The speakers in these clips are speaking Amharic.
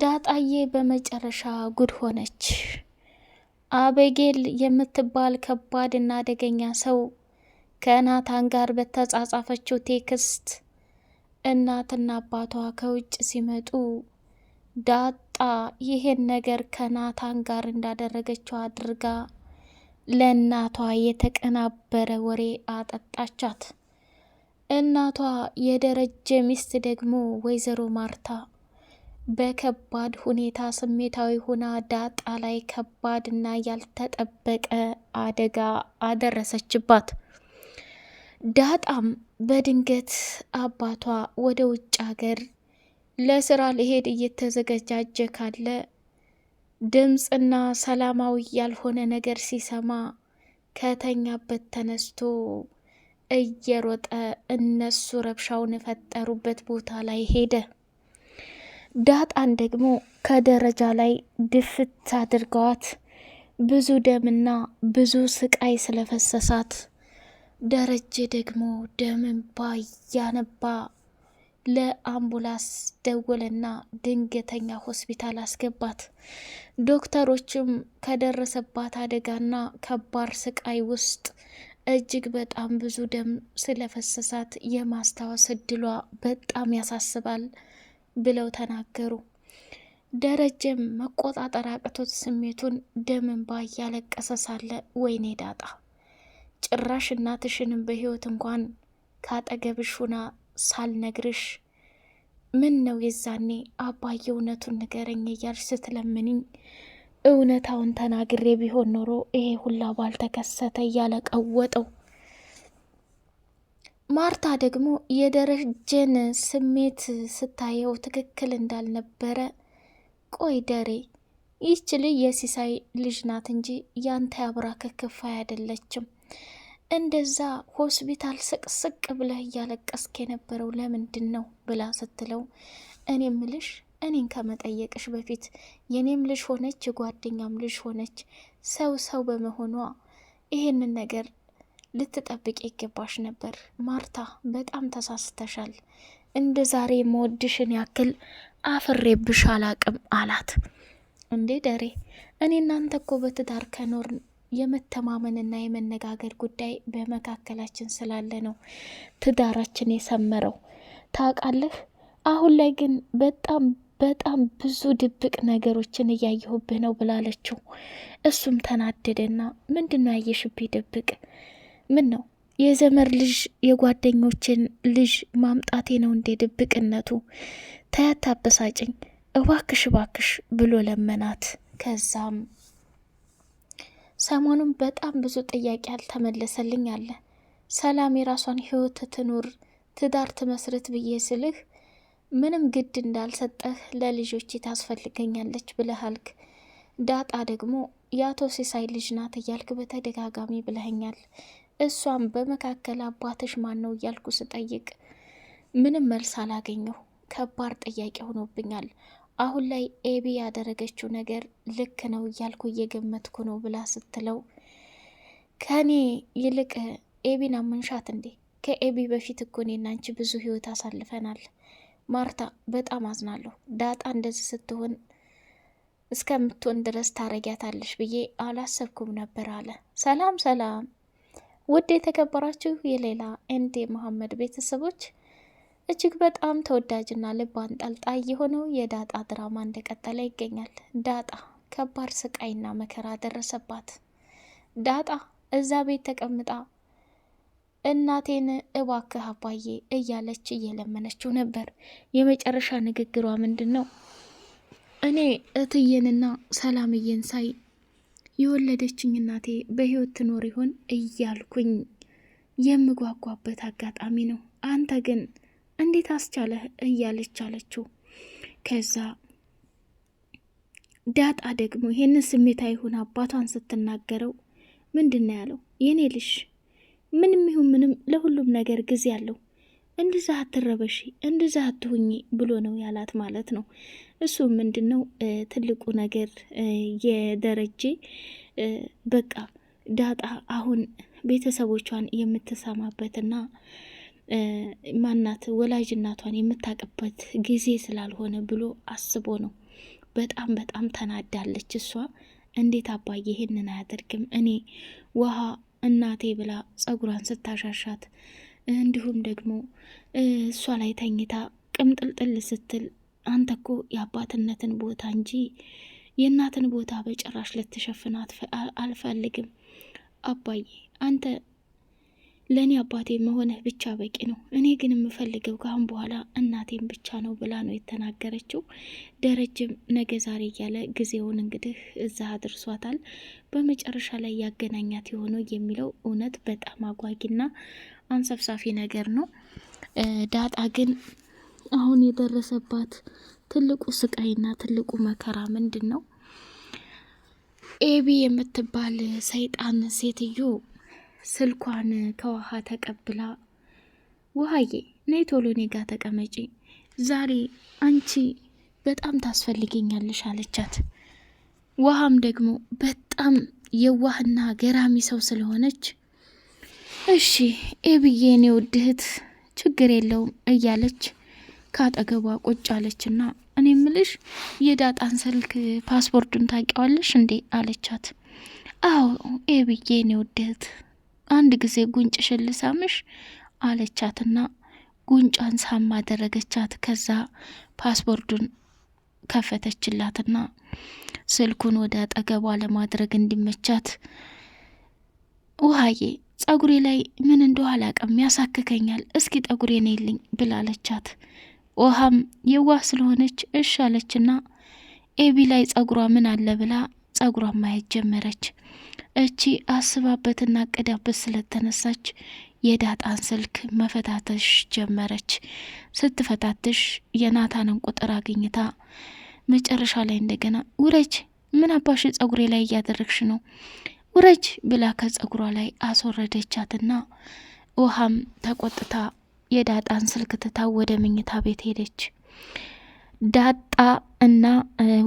ዳጣዬ በመጨረሻ ጉድ ሆነች። አበጌል የምትባል ከባድ እና አደገኛ ሰው ከናታን ጋር በተጻጻፈችው ቴክስት እናትና አባቷ ከውጭ ሲመጡ ዳጣ ይሄን ነገር ከናታን ጋር እንዳደረገችው አድርጋ ለእናቷ የተቀናበረ ወሬ አጠጣቻት። እናቷ የደረጀ ሚስት ደግሞ ወይዘሮ ማርታ በከባድ ሁኔታ ስሜታዊ ሆና ዳጣ ላይ ከባድ እና ያልተጠበቀ አደጋ አደረሰችባት። ዳጣም በድንገት አባቷ ወደ ውጭ ሀገር ለስራ ሊሄድ እየተዘገጃጀ ካለ ድምፅና ሰላማዊ ያልሆነ ነገር ሲሰማ ከተኛበት ተነስቶ እየሮጠ እነሱ ረብሻውን የፈጠሩበት ቦታ ላይ ሄደ። ዳጣን ደግሞ ከደረጃ ላይ ድፍት አድርገዋት ብዙ ደምና ብዙ ስቃይ ስለፈሰሳት ደረጀ ደግሞ ደምን ባያነባ ለአምቡላንስ ደወለና ድንገተኛ ሆስፒታል አስገባት። ዶክተሮችም ከደረሰባት አደጋና ከባድ ስቃይ ውስጥ እጅግ በጣም ብዙ ደም ስለፈሰሳት የማስታወስ እድሏ በጣም ያሳስባል። ብለው ተናገሩ። ደረጀም መቆጣጠር አቅቶት ስሜቱን ደም እንባ እያለቀሰ ሳለ ወይኔ ዳጣ ጭራሽ እናትሽንም በህይወት እንኳን ካጠገብሽ ሁና ሳልነግርሽ ምን ነው የዛኔ አባዬ እውነቱን ንገረኝ እያልሽ ስትለምንኝ እውነታውን ተናግሬ ቢሆን ኖሮ ይሄ ሁላ ባልተከሰተ እያለ ቀወጠው። ማርታ ደግሞ የደረጀን ስሜት ስታየው ትክክል እንዳልነበረ፣ ቆይ ደሬ ይህች ልጅ የሲሳይ ልጅ ናት እንጂ ያንተ ያብራክ ክፋይ አይደለችም። እንደዛ ሆስፒታል ስቅስቅ ብለህ እያለቀስክ የነበረው ለምንድን ነው ብላ ስትለው እኔ ምልሽ እኔን ከመጠየቅሽ በፊት የኔም ልጅ ሆነች የጓደኛም ልጅ ሆነች ሰው ሰው በመሆኗ ይሄንን ነገር ልትጠብቅ ይገባሽ ነበር ማርታ፣ በጣም ተሳስተሻል። እንደ ዛሬ መወድሽን ያክል አፍሬብሽ አላቅም አላት። እንዴ ደሬ፣ እኔ እናንተ እኮ በትዳር ከኖርን የመተማመንና የመነጋገር ጉዳይ በመካከላችን ስላለ ነው ትዳራችን የሰመረው ታውቃለህ። አሁን ላይ ግን በጣም በጣም ብዙ ድብቅ ነገሮችን እያየሁብህ ነው ብላለችው። እሱም ተናደደና ምንድን ነው ያየሽብኝ ድብቅ ምን ነው የዘመር ልጅ የጓደኞችን ልጅ ማምጣቴ ነው እንዴ? ድብቅነቱ ተያት አበሳጭኝ፣ እባክሽ እባክሽ ብሎ ለመናት። ከዛም ሰሞኑን በጣም ብዙ ጥያቄ አልተመለሰልኝ አለ። ሰላም የራሷን ህይወት ትኑር ትዳር ትመስርት ብዬ ስልህ ምንም ግድ እንዳልሰጠህ ለልጆች ታስፈልገኛለች ብለሃልክ። ዳጣ ደግሞ የአቶ ሲሳይ ልጅ ናት እያልክ በተደጋጋሚ ብለኸኛል። እሷም በመካከል አባትሽ ማን ነው እያልኩ ስጠይቅ ምንም መልስ አላገኘሁ። ከባድ ጥያቄ ሆኖብኛል። አሁን ላይ ኤቢ ያደረገችው ነገር ልክ ነው እያልኩ እየገመትኩ ነው ብላ ስትለው ከኔ ይልቅ ኤቢን አመንሻት እንዴ? ከኤቢ በፊት እኮ እኔና አንቺ ብዙ ህይወት አሳልፈናል። ማርታ በጣም አዝናለሁ። ዳጣ እንደዚህ ስትሆን እስከምትሆን ድረስ ታረጊያታለሽ ብዬ አላሰብኩም ነበር አለ። ሰላም ሰላም ውድ የተከበራችሁ የሌላ ኤንዴ መሐመድ ቤተሰቦች እጅግ በጣም ተወዳጅና ልብ አንጠልጣይ የሆነው የዳጣ ድራማ እንደቀጠለ ይገኛል። ዳጣ ከባድ ስቃይና መከራ ደረሰባት። ዳጣ እዛ ቤት ተቀምጣ እናቴን እባክህ አባዬ እያለች እየለመነችው ነበር። የመጨረሻ ንግግሯ ምንድን ነው? እኔ እትዬንና ሰላምዬን ሳይ የወለደችኝ እናቴ በሕይወት ትኖር ይሆን እያልኩኝ የምጓጓበት አጋጣሚ ነው። አንተ ግን እንዴት አስቻለህ እያለች አለችው። ከዛ ዳጣ ደግሞ ይህንን ስሜታ ሆና አባቷን ስትናገረው ምንድን ነው ያለው? የኔ ልሽ ምንም ይሁን ምንም ለሁሉም ነገር ጊዜ አለው፣ እንደዛ አትረበሺ፣ እንደዛ አትሁኚ ብሎ ነው ያላት ማለት ነው። እሱ ምንድን ነው ትልቁ ነገር የደረጀ በቃ ዳጣ አሁን ቤተሰቦቿን የምትሰማበትና ማናት ወላጅ እናቷን የምታቅበት ጊዜ ስላልሆነ ብሎ አስቦ ነው። በጣም በጣም ተናዳለች እሷ። እንዴት አባዬ ይህንን አያደርግም? እኔ ውሃ እናቴ ብላ ጸጉሯን ስታሻሻት እንዲሁም ደግሞ እሷ ላይ ተኝታ ቅምጥልጥል ስትል አንተ እኮ የአባትነትን ቦታ እንጂ የእናትን ቦታ በጭራሽ ልትሸፍናት አልፈልግም። አባዬ አንተ ለእኔ አባቴ መሆንህ ብቻ በቂ ነው። እኔ ግን የምፈልገው ካሁን በኋላ እናቴን ብቻ ነው ብላ ነው የተናገረችው። ደረጀም ነገ ዛሬ እያለ ጊዜውን እንግዲህ እዛ አድርሷታል። በመጨረሻ ላይ ያገናኛት የሆነው የሚለው እውነት በጣም አጓጊና አንሰብሳፊ ነገር ነው። ዳጣ ግን አሁን የደረሰባት ትልቁ ስቃይና ትልቁ መከራ ምንድን ነው? ኤቢ የምትባል ሰይጣን ሴትዮ ስልኳን ከውሃ ተቀብላ ውሃዬ ነይ ቶሎ እኔ ጋ ተቀመጪ፣ ዛሬ አንቺ በጣም ታስፈልገኛለሽ አለቻት። ውሃም ደግሞ በጣም የዋህና ገራሚ ሰው ስለሆነች እሺ ኤብዬ እኔ ውድህት ችግር የለውም እያለች ከአጠገቧ ቁጭ አለችና እኔ ምልሽ የዳጣን ስልክ ፓስፖርዱን ታውቂዋለሽ እንዴ አለቻት። አዎ ኤብዬ እኔ ውደት አንድ ጊዜ ጉንጭ ሽልሳምሽ አለቻትና ጉንጫን ሳም አደረገቻት። ከዛ ፓስፖርዱን ከፈተችላትና ስልኩን ወደ አጠገቧ ለማድረግ እንዲመቻት ውሃዬ ጸጉሬ ላይ ምን እንደው አላቅም ያሳክከኛል፣ እስኪ ጠጉሬ ነይልኝ ብላለቻት። ውሃም የዋህ ስለሆነች እሽ አለችና ኤቢ ላይ ጸጉሯ ምን አለ ብላ ጸጉሯን ማየት ጀመረች። እቺ አስባበትና ቅዳበት ስለተነሳች የዳጣን ስልክ መፈታተሽ ጀመረች። ስትፈታትሽ የናታንን ቁጥር አግኝታ መጨረሻ ላይ እንደገና ውረጅ፣ ምን አባሽ ጸጉሬ ላይ እያደረግሽ ነው? ውረጅ ብላ ከጸጉሯ ላይ አስወረደቻትና ውሃም ተቆጥታ የዳጣን ስልክ ትታ ወደ መኝታ ቤት ሄደች። ዳጣ እና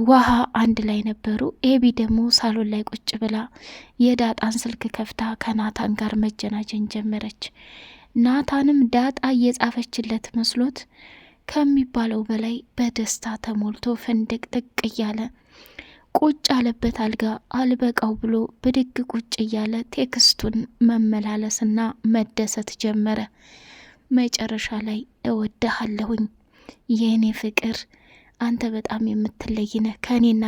ውሃ አንድ ላይ ነበሩ። ኤቢ ደግሞ ሳሎን ላይ ቁጭ ብላ የዳጣን ስልክ ከፍታ ከናታን ጋር መጀናጀን ጀመረች። ናታንም ዳጣ እየጻፈችለት መስሎት ከሚባለው በላይ በደስታ ተሞልቶ ፍንድቅ ጥቅ እያለ ቁጭ አለበት አልጋ አልበቃው ብሎ ብድግ ቁጭ እያለ ቴክስቱን መመላለስና መደሰት ጀመረ። መጨረሻ ላይ እወድሃለሁኝ የእኔ ፍቅር አንተ በጣም የምትለይነ ከእኔና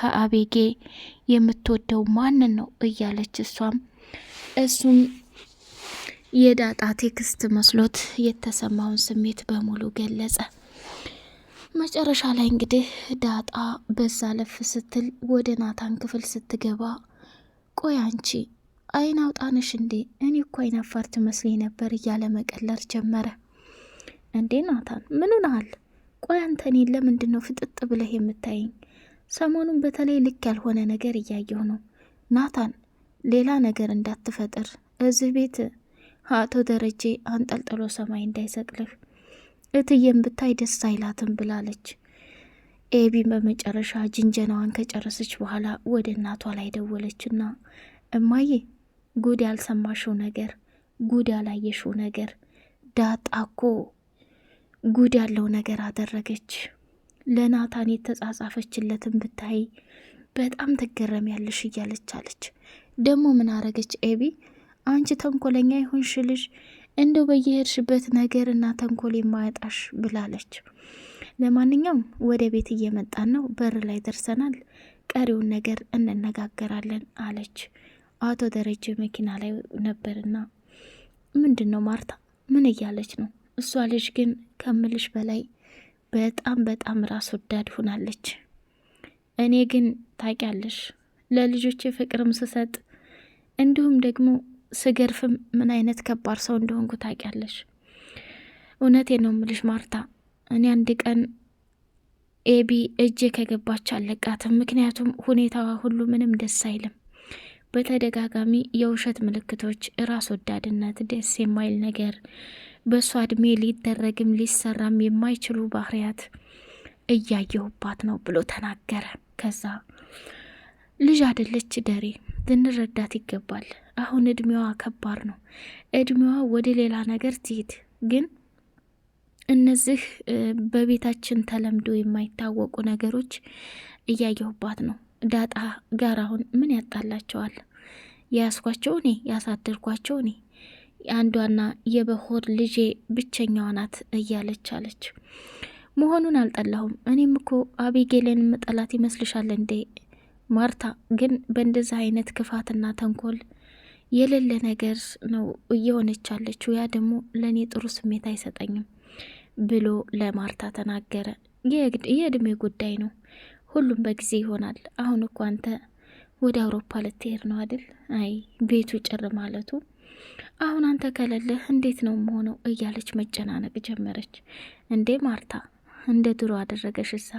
ከአቤጌ የምትወደው ማንን ነው እያለች እሷም እሱም የዳጣ ቴክስት መስሎት የተሰማውን ስሜት በሙሉ ገለጸ። መጨረሻ ላይ እንግዲህ ዳጣ በዛ ለፍ ስትል ወደ ናታን ክፍል ስትገባ ቆይ አንቺ አይን አውጣንሽ እንዴ እኔ እኮ አይን አፋር ትመስለኝ ነበር እያለ መቀለር ጀመረ። እንዴ ናታን ምን ሆነሃል? ቆይ አንተ እኔን ለምንድን ነው ፍጥጥ ብለህ የምታየኝ? ሰሞኑን በተለይ ልክ ያልሆነ ነገር እያየሁ ነው። ናታን ሌላ ነገር እንዳትፈጥር እዚህ ቤት አቶ ደረጀ አንጠልጥሎ ሰማይ እንዳይሰቅልህ እትዬም ብታይ ደስ አይላትም ብላለች። ኤቢን በመጨረሻ ጅንጀናዋን ከጨረሰች በኋላ ወደ እናቷ ላይ ደወለችና እማዬ ጉድ ያልሰማሽው ነገር፣ ጉድ ያላየሽው ነገር ዳጣኮ ጉድ ያለው ነገር አደረገች። ለናታን የተጻጻፈችለትን ብታይ በጣም ትገረም ያለሽ እያለች አለች። ደግሞ ምን አረገች ኤቢ? አንቺ ተንኮለኛ የሆንሽ ልጅ እንደው በየሄድሽበት ነገር እና ተንኮል የማያጣሽ ብላለች። ለማንኛውም ወደ ቤት እየመጣን ነው፣ በር ላይ ደርሰናል፣ ቀሪውን ነገር እንነጋገራለን አለች። አቶ ደረጀ መኪና ላይ ነበርና ምንድን ነው ማርታ ምን እያለች ነው? እሷ ልጅ ግን ከምልሽ በላይ በጣም በጣም ራስ ወዳድ ሁናለች። እኔ ግን ታውቂያለሽ ለልጆቼ ፍቅርም ስሰጥ እንዲሁም ደግሞ ስገርፍም ምን አይነት ከባድ ሰው እንደሆንኩ ታውቂያለሽ። እውነቴ ነው ምልሽ ማርታ፣ እኔ አንድ ቀን ኤቢ እጄ ከገባች አለቃትም። ምክንያቱም ሁኔታዋ ሁሉ ምንም ደስ አይልም። በተደጋጋሚ የውሸት ምልክቶች፣ ራስ ወዳድነት፣ ደስ የማይል ነገር፣ በእሷ እድሜ ሊደረግም ሊሰራም የማይችሉ ባህሪያት እያየሁባት ነው ብሎ ተናገረ። ከዛ ልጅ አደለች ደሬ፣ ልንረዳት ይገባል። አሁን እድሜዋ ከባድ ነው። እድሜዋ ወደ ሌላ ነገር ትሄድ ግን እነዚህ በቤታችን ተለምዶ የማይታወቁ ነገሮች እያየሁባት ነው። ዳጣ ጋር አሁን ምን ያጣላቸዋል? የያስኳቸው እኔ ያሳደርኳቸው እኔ አንዷና የበሆር ልጄ ብቸኛዋ ናት እያለች አለች። መሆኑን አልጠላሁም። እኔም እኮ አቢጌልን መጠላት ይመስልሻል እንዴ? ማርታ ግን በእንደዚህ አይነት ክፋትና ተንኮል የሌለ ነገር ነው እየሆነች አለችው። ያ ደግሞ ለእኔ ጥሩ ስሜት አይሰጠኝም ብሎ ለማርታ ተናገረ። የእድሜ ጉዳይ ነው ሁሉም በጊዜ ይሆናል። አሁን እኮ አንተ ወደ አውሮፓ ልትሄድ ነው አይደል? አይ ቤቱ ጭር ማለቱ አሁን አንተ ከሌለህ እንዴት ነው መሆነው? እያለች መጨናነቅ ጀመረች። እንዴ ማርታ፣ እንደ ድሮ አደረገሽ እሳ።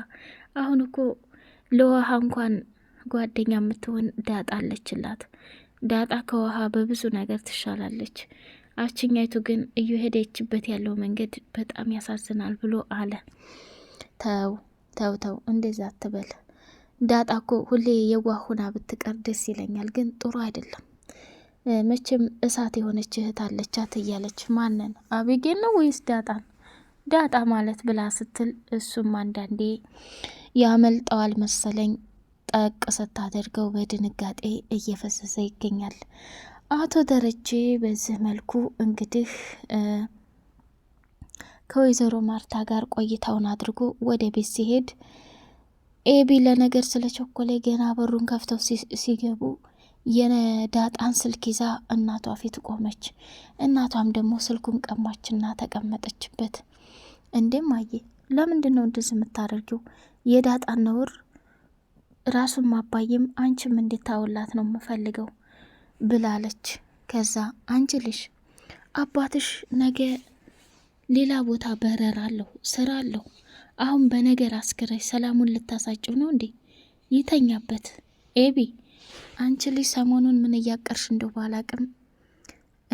አሁን እኮ ለውሃ እንኳን ጓደኛ የምትሆን ዳጣ አለችላት። ዳጣ ከውሃ በብዙ ነገር ትሻላለች። አችኛይቱ ግን እየሄደችበት ያለው መንገድ በጣም ያሳዝናል ብሎ አለ። ተው ተው ተው፣ እንደዛ አትበል። ዳጣ እኮ ሁሌ የዋህ ሁና ብትቀር ደስ ይለኛል፣ ግን ጥሩ አይደለም። መቼም እሳት የሆነች እህት አለቻት እያለች ማንን አቤጌን ነው ወይስ ዳጣን? ዳጣ ማለት ብላ ስትል እሱም አንዳንዴ ያመልጠዋል መሰለኝ ጠቅ ስታደርገው በድንጋጤ እየፈሰሰ ይገኛል። አቶ ደረጀ በዚህ መልኩ እንግዲህ ከወይዘሮ ማርታ ጋር ቆይታውን አድርጎ ወደ ቤት ሲሄድ ኤቢ ለነገር ስለ ቸኮሌ ገና በሩን ከፍተው ሲገቡ የዳጣን ስልክ ይዛ እናቷ ፊት ቆመች። እናቷም ደግሞ ስልኩን ቀማችና ተቀመጠችበት። እንዴም አየ ለምንድን ነው እንደዚህ የምታደርጊው? የዳጣን ነውር ራሱን ማባይም አንቺም እንድታውላት ነው የምፈልገው ብላለች። ከዛ አንቺ ልሽ አባትሽ ነገ ሌላ ቦታ በረራ አለሁ፣ ስራ አለሁ። አሁን በነገር አስክረሽ ሰላሙን ልታሳጭው ነው እንዴ? ይተኛበት። ኤቢ አንቺ ልጅ ሰሞኑን ምን እያቀርሽ እንደው ባላቅም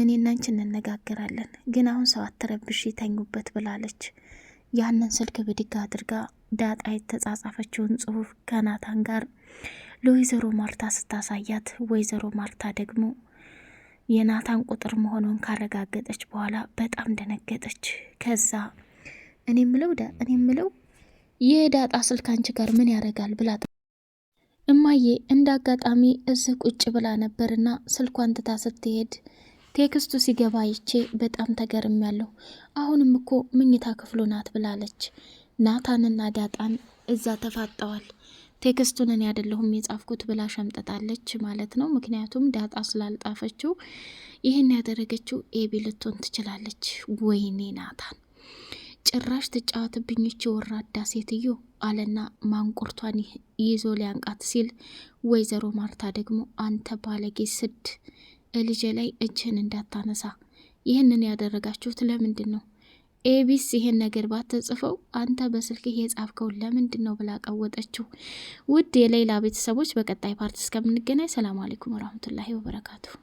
እኔና አንቺ እንነጋገራለን፣ ግን አሁን ሰው አትረብሽ፣ ይተኙበት ብላለች። ያንን ስልክ ብድግ አድርጋ ዳጣ የተጻጻፈችውን ጽሁፍ ከናታን ጋር ለወይዘሮ ማርታ ስታሳያት፣ ወይዘሮ ማርታ ደግሞ የናታን ቁጥር መሆኑን ካረጋገጠች በኋላ በጣም ደነገጠች። ከዛ እኔ ምለው እኔ ምለው የዳጣ ስልክ አንቺ ጋር ምን ያደርጋል ብላ እማዬ እንደ አጋጣሚ እዚህ ቁጭ ብላ ነበርና ስልኳን ትታ ስትሄድ ቴክስቱ ሲገባ ይቼ በጣም ተገርም ያለው አሁንም እኮ ምኝታ ክፍሉ ናት ብላለች። ናታንና ዳጣን እዛ ተፋጠዋል። ቴክስቱን እኔ አይደለሁም የጻፍኩት ብላ ሸምጠጣለች ማለት ነው። ምክንያቱም ዳጣ ስላልጣፈችው ይህን ያደረገችው ኤቢ ልትሆን ትችላለች። ወይኔ ናታን ጭራሽ ትጫወትብኝች ወራዳ ሴትዮ አለና ማንቁርቷን ይዞ ሊያንቃት ሲል ወይዘሮ ማርታ ደግሞ አንተ ባለጌ ስድ፣ ልጄ ላይ እጅህን እንዳታነሳ ይህንን ያደረጋችሁት ለምንድን ነው? ኤቢስ ይሄን ነገር ባትጽፈው አንተ በስልክህ ጻፍከው ለምንድን ነው ብላ ቀወጠችው። ውድ የሌላ ቤተሰቦች በቀጣይ ፓርት እስከምንገናኝ ሰላም አሌይኩም ወራህመቱላሂ ወበረካቱሁ።